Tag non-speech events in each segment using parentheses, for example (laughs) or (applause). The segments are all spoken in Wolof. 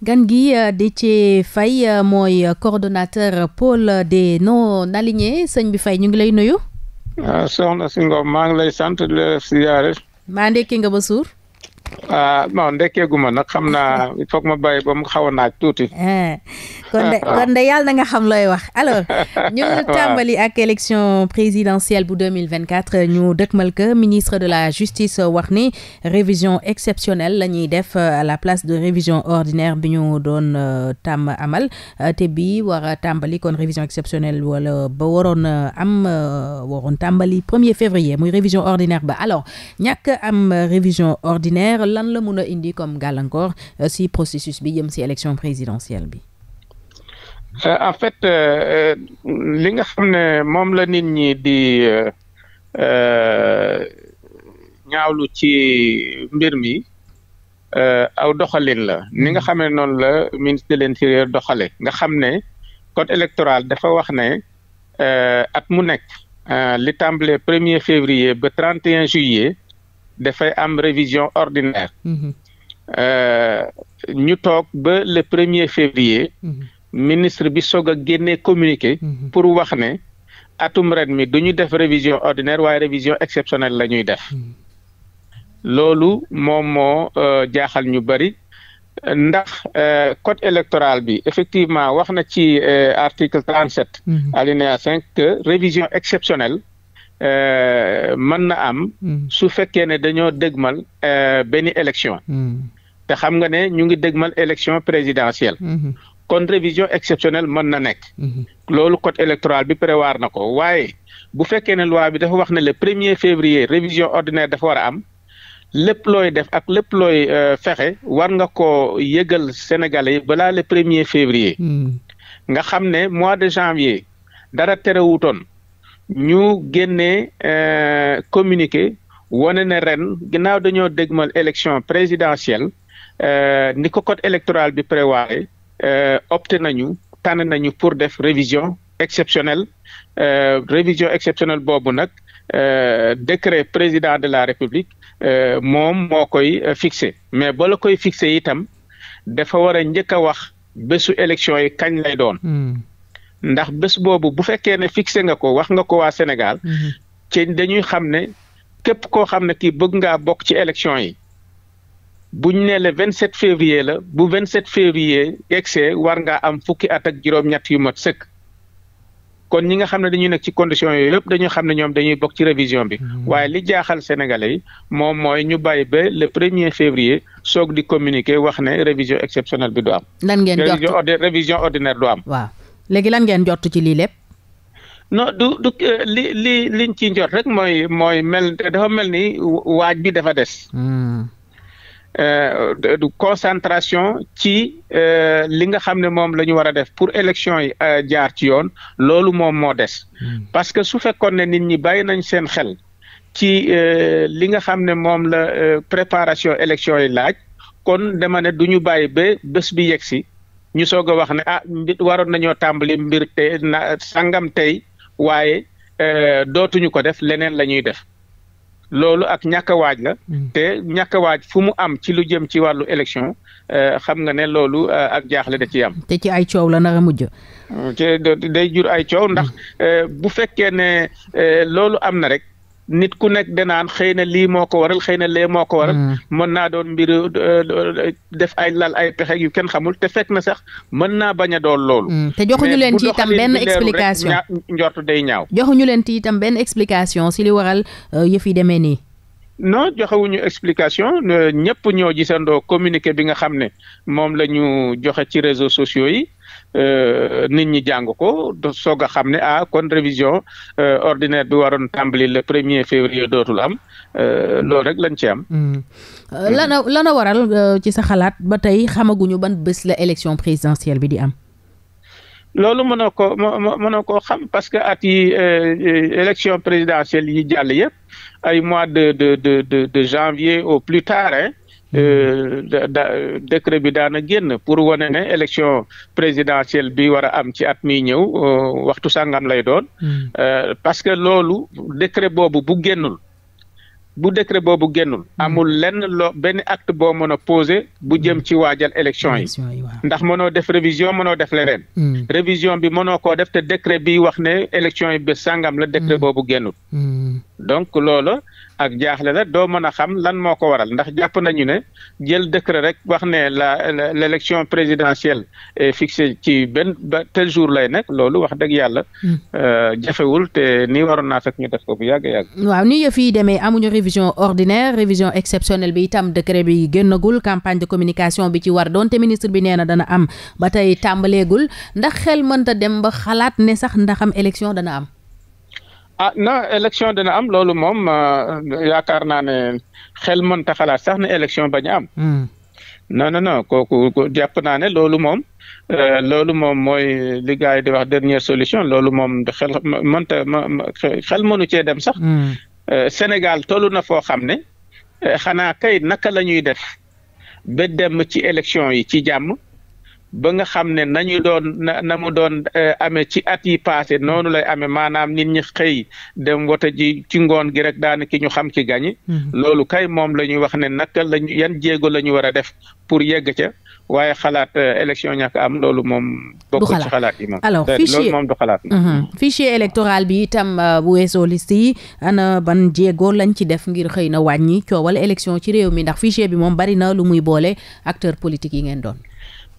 gan gi euh, Déthié fay euh, mooy euh, coordonnateur pôle des non alignés sëñ bi fay ñu ngi lay nuyu. Ah, soxna si Ngom maa ngi lay sant di la siyaare. maa ndekki nga ba suur. Ah, non ndekkeegu ma nag xam naa il faut que ma bàyyi ba mu xaw a naaj tuuti. (laughs) Eh, ah. kon de yàlla na nga xam looy wax alors. (laughs) ñu tàmbali ak élection présidentielle bu deux mille vingt quatre ñu dëkkmal que ministre de la justice wax ni révision exceptionnelle la ñuy def euh, à la place de révision ordinaire bi ñu doon euh, tàmm amal euh, te bii war a tàmbali kon révision exceptionnelle wala ba waroon am waroon tàmbali premier février muy révision ordinaire ba alors ñàkk am révision ordinaire. lan la mun a indi comme gàllankoor euh, si processus bi jëm si élection présidentielle bi. Euh, en fait euh, li nga xam ne moom la nit ñi di ñaawlu ci mbir mi. aw doxalin la ni nga xamee noonu la ministre de l'intérieur doxale nga xam ne code électoral dafa wax ne at mu nekk li tàmbalee premier février ba 31 juillet dafay am révision ordinaire. Mhm. Euh, ñu toog ba le premier février. Mhm. ministre bi soog a génnee communiqué. Mhm. pour wax ne atum ren mi du ñu def révision ordinaire waaye révision exceptionnelle la ñuy def. loolu moom moo euh, jaaxal ñu bëri ndax euh, code électoral bi effectivement wax na ci article trente sept alinéa cinq révision exceptionnelle Euh, man na am. Hmm. su fekkee ne dañoo dëgmal euh, benn élection. Hmm. te xam nga ne ñu ngi dëgmal élection présidentielle. Hmm. kon révision exceptionnelle mën na nekk. loolu code électoral bi prévoir na ko waaye bu fekkee ne loi bi dafa wax ne le premier février révision ordinaire dafa war a am. lépp looy def ak lépp looy euh, fexe war nga ko yëgal Sénégalais yi balaa le premier février. nga xam ne mois de janvier dara terewutoon ñu génnee euh, communiqué wane ne ren ginnaaw dañoo dégmal élection présidentielle euh, ni ko code électoral bi prévoiré euh, opté nañu tànn nañu pour def révision exceptionnelle révision exceptionnelle boobu nag décret président de la république moom moo koy fixé mais bala koy fixé itam dafa war a njëkk a wax bésu élection yi kañ lay doon. Hmm. ndax bés boobu bu fekkee ne fixé nga ko wax nga ko waa Sénégal. Mhm. ci dañuy xam ne képp koo xam ne kii bëgg ngaa bokk ci élection yi buñ ne le vingt sept février la bu vingt sept février yegsee war ngaa am fukki at ak juróom-ñett yu mat sëkk. kon ñi nga xam ne dañuy nekk ci condition yooyu yëpp dañu xam ne ñoom dañuy bokk ci révision bi. Mhm. waaye li jaaxal sénégalais yi moom mooy ñu bàyyi ba le premier février soog di communiquer wax ne révision exceptionnelle bi du a lan ngeen révision ordinaire du am. waaw. léegi lan ngeen jot ci lii lépp. no du du euh, li li liñ ci jot rek mooy mooy mel dafa mel ni waaj bi dafa des. Hmm. Euh, du concentration ci euh, li nga xam ne moom la ñu war a def pour élection yi jaar ci yoon loolu moom moo des. Hmm. parce que su fekkoon ne nit ñi bàyyi nañ seen xel ci li nga xam ne moom la préparation élection yi laaj kon demane du ñu bàyyi ba bés bi yegg si. ñu soog a wax ne ah waroon nañoo tàmbali mbir te na sangam tey waaye eh, dootuñu ko def leneen la ñuy def loolu ak ñàkk waaj la. Mm. te ñàkk waaj fu mu am ci lu jëm ci wàllu élection eh, xam nga ne loolu eh, ak jaaxle da ci am. te ci ay coow la nar a mujj. Mm, day jur ay coow ndax mm. bu fekkee ne loolu am na rek nit ku nekk danaan xëy na lii moo ko waral xëy na lee moo ko waral. Mm. mën naa doon mbir euh, def ay lal ay pexe yu kenn xamul te fekk na sax mën naa bañ a doon loolu. Mm. te joxuñu leen ci itam benn explication njortu day ñaaw. joxuñu leen ci benn explication si li waral euh, yëf yi demee nii. non joxewuñu explication euh, ñëpp ñoo gisandoo communiqué bi nga xam ne moom la ñu joxe ci réseaux sociaux yi. Euh, nit ñi jàng ko soog a xam ne ah kon révision euh, ordinaire bi waroon tàmbali le premier février dootul am euh, loolu rek lañ ci am. Mm. lana lana waral ci sa xalaat ba tey xamaguñu ban bés la élection présidentielle bi di am. loolu mënoo ko na koo xam parce que at yi élection présidentielle yi jàll yëpp ay mois de de de de janvier au plus tarin Euh, décret bi daana génn pour wane ne élection présidentielle bi war a am ci at mi ñëw euh, waxtu sàngam lay doon. Hmm. Euh, parce que loolu décret boobu bu génnul. bu décret boobu génnul hmm. amul lenn loo benn acte boo mën a posé bu jëm hmm. ci waajal élection yi ndax mënoo def révision mënoo def leneen révision bi mënoo koo def te décret bi wax ne élection yi bés sangam la décret boobu génnul donc loola ak jaaxle la doo mën a xam lan moo ko waral ndax jàpp nañu ne jël décret rek wax ne la l' élection présidentielle est fixée ci benn ba tel jour lay nekk loolu wax dëgg yàlla. Hmm. Euh, jafewul te nii waroon naa fekk ñu def ko bu yàgg yàgg. waaw ni yëf yi demee amuñu révision ordinaire révision exceptionnelle bi itam décret bi génnagul campagne de communication bi ci war donte ministre bi nee na dana am ba tey tàmbaleegul ndax xel mënta dem ba xalaat ne sax ndax am élection dana am. ah na élection dina am loolu moom euh, yaakaar naa ne xel mënta xalaat sax ne élection bañ am. Hmm. non non non kooku jàpp naa ne loolu moom euh, loolu moom mooy li gars yi di wax dernière solution loolu moom xel mënta xel mënu cee dem sax. Hmm. Euh, Sénégal tollu na foo xam ne xanaa kay naka la ñuy def ba dem ci élection yi ci jàmm. ba nga xam ne nañu doon na na mu doon eh, amee ci at yi passé noonu lay amee maanaam nit ñi xëy dem wote ji ci ngoon gi rek daanaka ñu xam ki gañi mm-hmm. loolu kay moom la ñuy wax ne naka lañu yan jéego la ñu war a def pour yegg ca waaye xalaat eh, élection ñàkk am loolu moom bokkul ci xalaat yi moom alors eh, fichier loolu moom du xalaat mm-hmm. fichier électoral bi itam bu weesoo liste yi ana ban jéego lañ ci def ngir xëy na wàññi coowal élection ci réew mi ndax fichier bi moom bari na lu muy boole acteur politique yi ngeen doon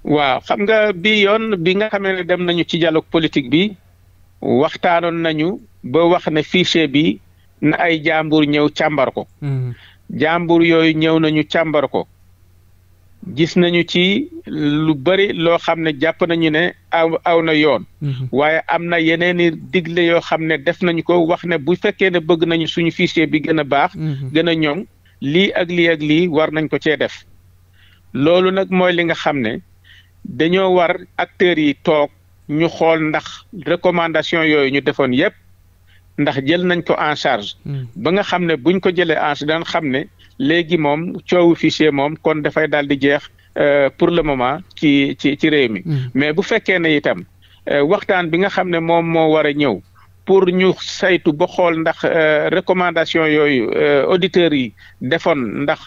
waaw xam nga bi yoon bi nga xamee ne dem nañu ci dialogue politique bi waxtaanoon nañu ba wax ne fichier bi na ay jàmbur ñëw càmbar ko hmm. jàmbur yooyu ñëw nañu càmbar ko gis nañu ci lu bari loo xam ne jàpp nañu ne aw na yoon hmm. waaye am na yeneeni digle yoo xam ne def nañu ko wax ne bu fekkee ne bëgg nañu suñu fichier bi gën a baax hmm. gën a ñoŋ lii ak lii ak lii war nañ ko cee def loolu nag mooy li nga xam ne dañoo war acteurs yi toog ñu xool ndax recommandation yooyu ñu defoon yépp ndax jël nañ ko en charge. Hmm. ba nga xam ne buñ ko jëlee en charge daan xam ne léegi moom coowu fichier moom kon dafay daal di jeex euh, pour le moment ci ci ci réew mi. Hmm. mais bu fekkee ne itam euh, waxtaan bi nga xam ne moom moo war ñëw. pour ñu saytu ba xool ndax euh, recommandation yooyu auditeurs yi defoon ndax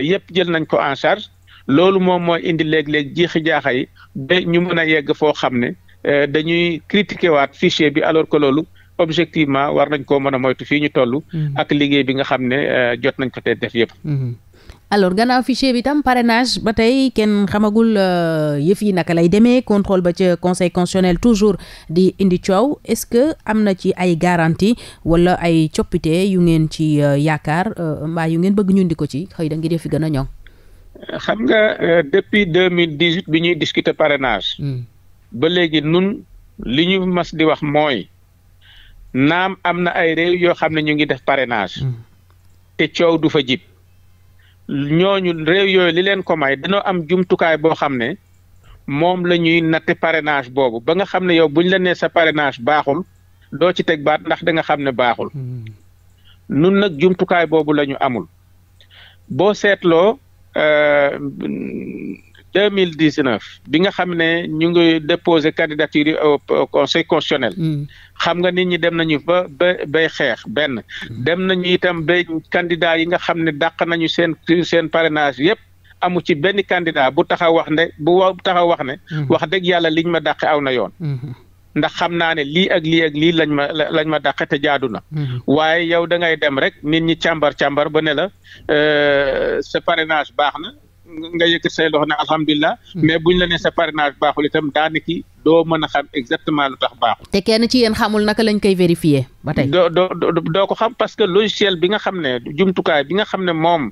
yépp jël nañ ko en charge loolu moom mooy indi léeg-léeg jiixi jaaxa yi ba ñu mën a yegg foo xam ne euh, dañuy critiquer waat fichier bi alors que loolu objectivement war nañ koo mën a moytu fii ñu toll. Mm-hmm. ak liggéey bi nga xam ne euh, jot nañ ko te def yëpp. Mm-hmm. alors gannaaw fichier bi tam parrainage ba tey kenn xamagul euh, yëf yi naka lay demee contrôle ba ca conseil constitutionnel toujours di indi coow est-ce que am na ci ay garantie wala ay coppite yu ngeen ci yaakaar mbaa yu ngeen bëgg ñu indi ko ci xëy da ngi def fi gën a ñoŋ. xam nga euh, depuis deux mille dix huit bi ñuy discuter parenage hmm. ba léegi nun li ñu mas di wax mooy naam am na ay réew yoo xam ne ñu ngi def parrainage. Hmm. te coow du fa jib ñooñu réew yooyu li leen ko may dañoo am jumtukaay boo xam ne moom la ñuy natte parenage boobu ba nga xam ne yow buñ la nee sa parrainage baaxul doo ci teg baat ndax danga xam ne baaxul. Hmm. nun nag jumtukaay boobu la ñu amul boo seetloo Euh, deux mille dix neuf bi nga xam ne ñu ngi déposé candidature yi au conseil constitutionnel. Mm. xam nga nit ñi dem nañu ba ba bay xeex benn. Mm. dem nañu itam bay candidat yi nga xam ne dàq nañu seen seen parrainage yépp amu ci benn candidat bu taxaw wax ne bu taxaw wax ne. Mm. wax dëgg yàlla liñ ma dàqe aw na yoon. Mm-hmm. ndax xam naa ne lii ak lii ak lii lañ ma lañ ma dàq te jaadu na. Mm-hmm. waaye yow da ngay dem rek nit ñi càmbar càmbar ba ne la euh, sa parrainage baax na nga yëkkat say loxo ne alhamdulilah. Mm-hmm. mais buñ la ne sa parrainage baaxul itam daanaka doo mën a xam exactement lu tax baaxul. te kenn ci yéen xamul naka lañ koy vérifier ba tey. doo doo doo ko xam parce que logiciel bi nga xam ne jumtukaay bi nga xam ne moom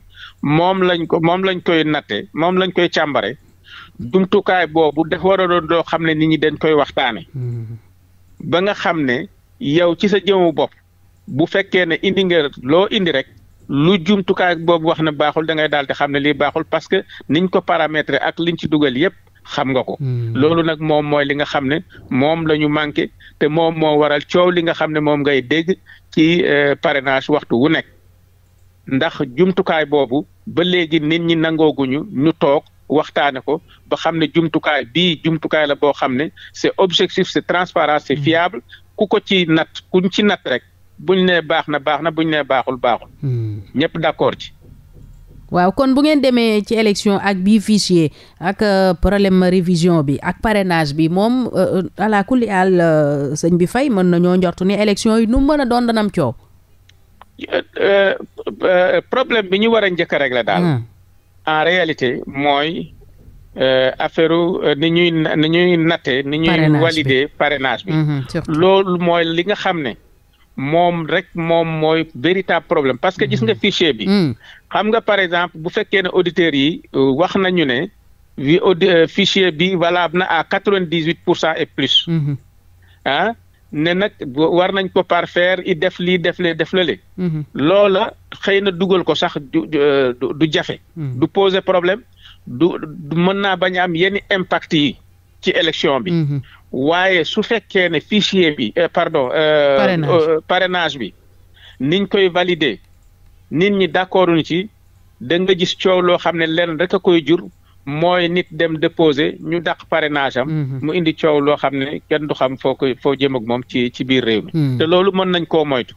moom lañ ko moom lañ koy natte moom lañ koy càmbare. jumtukaay boobu dafa war a loo xam ne ni ñi dañ koy waxtaane mm-hmm. ba nga xam ne yow ci sa jëmu bopp bu fekkee ne indi nga loo indi rek lu jumtukaay boobu wax ne baaxul dangay daal di xam ne lii baaxul parce que niñ ko paramétrer ak liñ ci dugal yépp xam nga ko. Mm-hmm. loolu nag moom mooy li nga xam ne moom lañu ñu manqué te moom moo waral coow li nga xam ne moom ngay dégg ci euh, parenage waxtu wu nekk ndax jumtukaay boobu ba léegi nit ñi nangooguñu ñu toog waxtaane ko ba xam ne jumtukaay bii jumtukaay la boo xam ne c'est objectif c'est transparent c'est hmm. fiable ku ko ci nat kuñ ci natt rek buñ nee baax na baax na buñ ne baaxul baaxul. Hmm. ñëpp d'accord ci. waaw kon bu ngeen demee ci élection ak bii fichier ak euh, problème révision bi ak parrainage bi moom euh, ala kulli àll euh, sëñ bi fay mën nañoo njortu ni élection yi nu mën a doon danam coow. problème bi ñu war a njëkk a régler daal. Hmm. en réalité mooy euh, affaire euh, ni ñuy ni ñuy natte ni ñuy valider parrainage bi mm-hmm, loolu mooy li nga xam ne moom rek moom mooy véritable problème parce que gis nga mm-hmm. fichier bi mm. xam nga par exemple bu fekkee ne auditeurs yi euh, wax nañu ne vi fichier bi valable na à quatre-vingt-dix-huit pour cent et plus mm-hmm. ah ne nag war nañ ko parfaire i def lii def le def lale mhm. loola xëy na dugal ko sax du euh, jafe mhm. du poser problème du mën naa bañ am yenn impact yi ci élection bi mhm. waaye su fekkee ne fichier bi euh, pardon euh, parrainage bi niñ koy valider nit ñi d'accorduñ ci da nga gis coow loo xam ne lenn rek koy jur mooy nit dem déposé ñu dàq parrainage am. Mhm. mu indi coow loo xam ne kenn du xam foo koy foo jëm ak moom ci ci biir réew mi. Mhm. te loolu mën nañ koo moytu.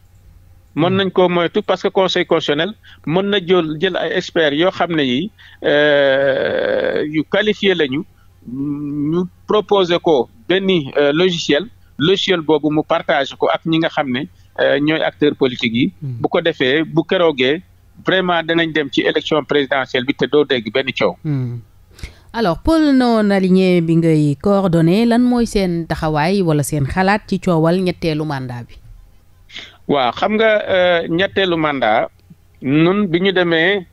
mën mhm. nañ koo moytu parce que conseil constitutionnel mën na jël jël ay experts yoo xam ne yi euh, yu qualifié lañu ñu proposer ko benn euh, logiciel logiciel boobu mu partage ko ak ñi nga xam ne euh, ñooy acteurs politique yi. bu ko defee bu keroogee vraiment danañ dem ci élection présidentielle bi te doo dégg benn coow. alors pôle non aligné bi ngay coordonné lan mooy seen taxawaay wala seen xalaat ci coowal ñetteelu mandat bi. waaw xam nga euh, ñetteelu mandat nun bi ñu demee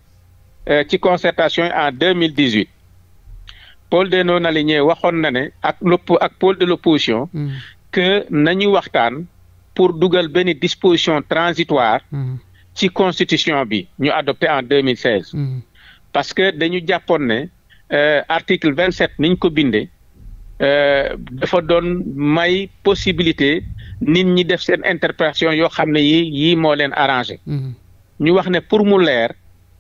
euh, ci concertation yi en deux mille dix huit pôle des non alignés waxoon na ne ak lopp ak pôle de l'opposition hmm. que nañu waxtaan pour dugal benn disposition transitoire hmm. ci constitution bi ñu adopté en deux mille seize hmm. parce que dañu jàppoon ne Euh, article vingt sept niñ ko bindee euh, dafa doon may possibilité nit ñi def seen interprétation yoo xam ne yii yii moo leen arrangé. Mhm. ñu wax ne pour mu leer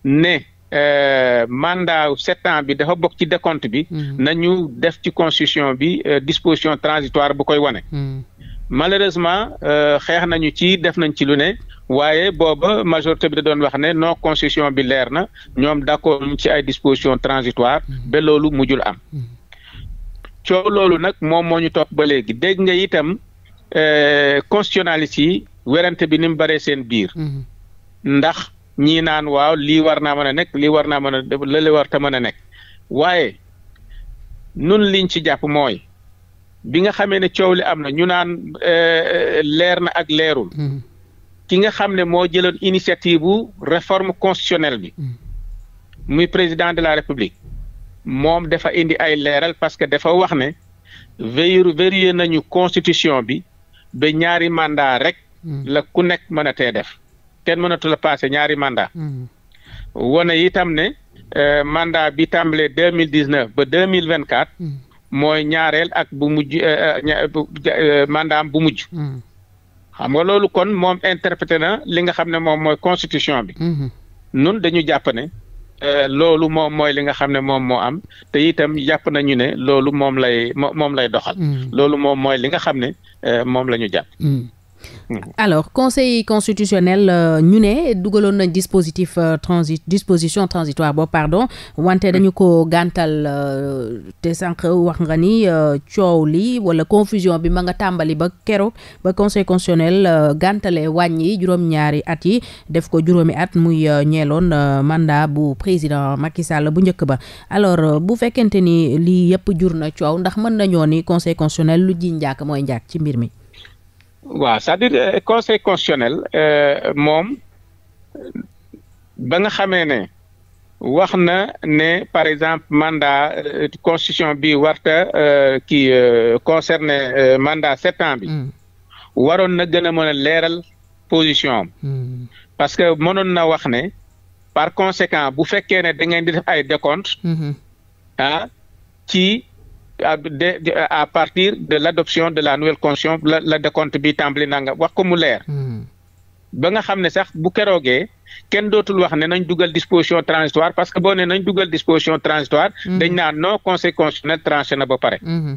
ne euh, mandat sept ans bi dafa bokk ci décompte bi. Mhm. nañu def ci constitution bi disposition transitoire bu koy wane. Mhm. malheureusement xeex nañu ci def nañ ci lu ne. waaye booba majorité bi da doon wax ne non constitution bi leer na ñoom d'accord ci ay dispositions transitoires mm-hmm. ba loolu mujjul am mm-hmm. coow loolu nag moom moo ñu topp ba léegi dégg nga itam euh, constitutionnalistes yi werante bi ni mu baree seen biir mm-hmm. ndax ñii naan waaw lii war naa mën a nekk lii war naa mën a lële war mën a nekk waaye nun liñ ci jàpp mooy bi nga xamee ne coow li am na ñu naan euh, euh, leer na ak leerul ki nga xam ne moo jëloon initiative bu réforme constitutionnelle bi hmm. muy président de la république moom dafa indi ay leeral parce que dafa wax ne veillé vérifié nañu constitution bi ba ñaari mandat rek hmm. la ku nekk mën a tee def kenn mënatu la ñaari mandat hmm. wane itam ne euh, mandat bi tàmbalee deux mille dix ba deux mille vingt quatre mooy ñaareel ak bu mujj euh, euh, mandat bu mujj xam nga loolu kon moom interprété na li nga xam ne moom mooy constitution bi. Mhm. nun dañu jàpp ne euh, loolu moom mooy li nga xam ne moom moo am te itam jàpp nañu ne loolu moom lay moom lay doxal. Mhm. loolu moom mooy li nga xam ne euh, moom la ñu jàpp. Mhm. Hmm. alors conseil constitutionnel euh, ñu ne dugaloon nañ dispositif euh, transi disposition transitoire boobu pardon wante dañu ko gàntal euh, te sànq wax nga ni coow li wala confusion bi ma nga tàmbali ba keroog ba conseil constitutionnel gàntale wàññi juróom-ñaari at yi def ko juróomi at muy ñeeloon mandat bu président Macky Sall bu njëkk ba alors bu fekkente ni lii yëpp jur na coow ndax mën nañoo ni conseil constitutionnel lu ji njàkk mooy njaak ci mbir mi. waaw c'est-à-dire euh, conseil constitutionnel euh, moom ba nga xamee ne wax na ne par exemple mandat euh, constitution bi warta kii concerné mandat sept ans bi hmm. waroon na gën a mën a leeral position am hmm. parce que mënoon na wax ne par conséquent bu fekkee ne da ngeen ay décompte hmm. ah ci à à partir de l'adoption de la nouvelle constitution la la décompte bi tàmbali na nga wax ko mu leer. Hmm. ba nga xam ne sax bu keroogee kenn dootul wax ne nañ dugal disposition transitoire parce que boo ne nañ dugal disposition transitoire. Hmm. dañ naan non conseil constitutionnel tranché na ba pare. Hmm.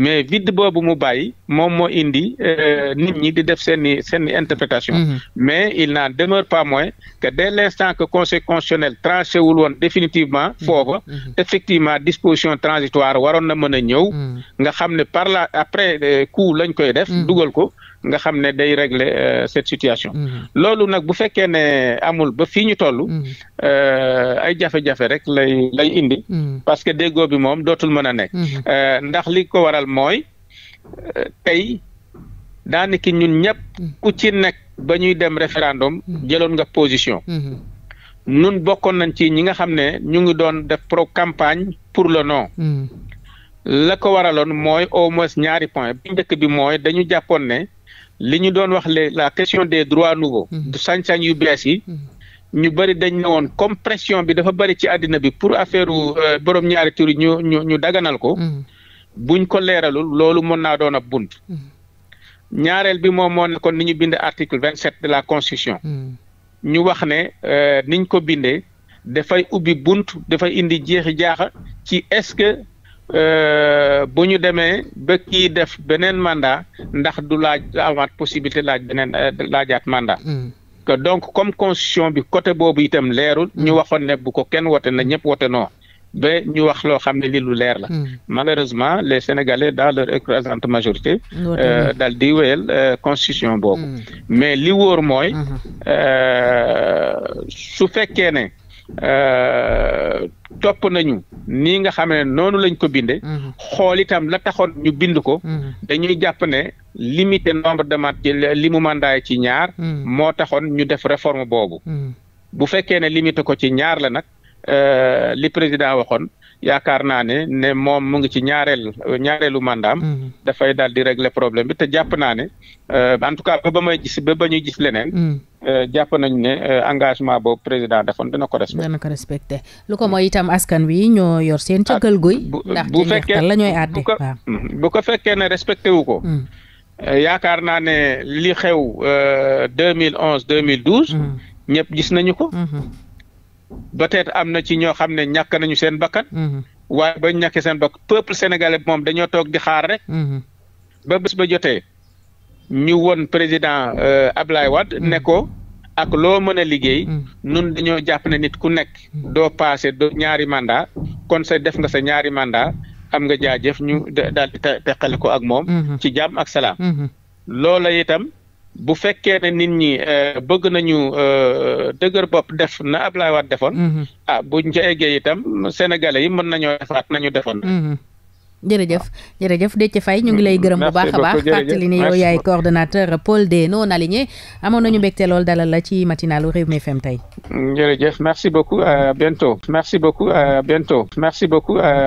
mais vide boobu mu bàyyi moom moo indi euh, nit ñi di def seeni seeni interprétation mm-hmm. mais il n'en demeure pas moins que dès l'instant que conseil constitutionnel tranché woon définitivement mm-hmm. foofa mm-hmm. effectivement disposition transitoire waroon na mën a ñëw nga xam ne par là après euh, coup lañ koy def dugal ko nga xam ne day régler euh, cette situation mm-hmm. loolu nag bu fekkee ne amul ba fii ñu toll mm ay jafe-jafe rek lay indi mm-hmm. parce que dégo bi moom dootul mën a nekk euh, ndax li ko waral mooy euh, tey daanaka ñun ñëpp ku ci nekk ba ñuy dem référendum jëloon nga position nun bokkoon nañ ci ñi nga xam ne ñu ngi doon def pro campagne pour le non la ko waraloon mooy au moins ñaari point bu njëkk bi mooy dañu jàppoon ne li ñu doon wax la question des droits nouveaux mhm. du sañ-sañ yu bees yi mhm. ñu bëri dañ ne woon comme pression bi dafa bëri ci àddina bi pour affaire u euh, borom ñaari tur ñu ñu ñu daganal ko mhm. buñ ko leeralul loolu mën naa doon bunt ñaareel bi moom moo kon ni ñu bind article vingt sept de la constitution ñu wax ne euh, niñ ko bindee dafay ubbi bunt dafay indi jeexi jaaxa ci est-ce que Euh, bu ñu demee ba kii def beneen manda ndax du laaj amaat possibilité laaj beneen euh, laajaat manda mm. que donc comme constitution bi côté boobu itam leerul. ñu mm. waxoon ne bu ko kenn wote na ñëpp wote noo. ba ñu wax loo xam ne li lu leer la. Mm. malheureusement les sénégalais dans leur écrasante majorité. Euh, dal di wéyal constitution boobu. mais li wóor mooy. Mm-hmm. su fekkee ne. Euh, topp nañu ni nga xam ne noonu lañ ko binde mhm. xool itam la taxoon ñu bind ko mhm. dañuy jàpp ne limité nombre de mat li mu ci ñaar mhm. moo taxoon ñu def réforme boobu bu fekkee ne limité ko ci ñaar la nag euh, li président waxoon yaakaar naa ne ne moom mu ngi ci ñaareel ñaareelu mandaam dafay daal di régler problème bi te jàpp naa ne euh, en tout cas ba ba may gis leneen Euh, jàpp nañ ne euh, engagement boobu président defoon dina ko respecté. dana ko respecté lu ko mooy itam askan wi ñoo yor seen. Ah, ca gël guy bu fekkee la ñooy àtte mm, bu ko fekkee ne respecté wu ko. Mm. Euh, yaakaar naa ne li xew deux mille onze deux mille douze. Mm. ñëpp gis nañu ko. Mm-hmm. peut-être am na ci ñoo xam ne ñàkk nañu seen bakkan. Mm-hmm. waaye ba ñàkkee seen bakkan peuple sénégalais moom dañoo toog di xaar rek. Mm-hmm. ba bés ba jotee. ñu woon président Ablaye Wade ne ko ak loo mën liggéey mm. nun dañoo jàpp ne nit ku nekk mm. doo passé do ñaari mandat kon sa def nga sa ñaari manda am nga jaajëf ñu daal di teqale ko ak moom mm-hmm. ci jàmm ak salaam mm-hmm. loola itam bu fekkee ne nit ñi euh, bëgg nañu euh, dëgër bopp def na Ablaye Wade defoon mm-hmm. a ah, buñ ca eggee itam yi mën nañoo defaat nañu defoon jërëjëf jërëjëf Déthié fay ñu ngi lay gërëm bu baax a baax fàttali ni yow yaay coordonnateur pôle des non alignés amoon nañu mbégte lool dalal la ci matinalu Rewmi FM tey jërëjëf merci beaucoup à bientôt merci beaucoup à bientôt merci beaucoup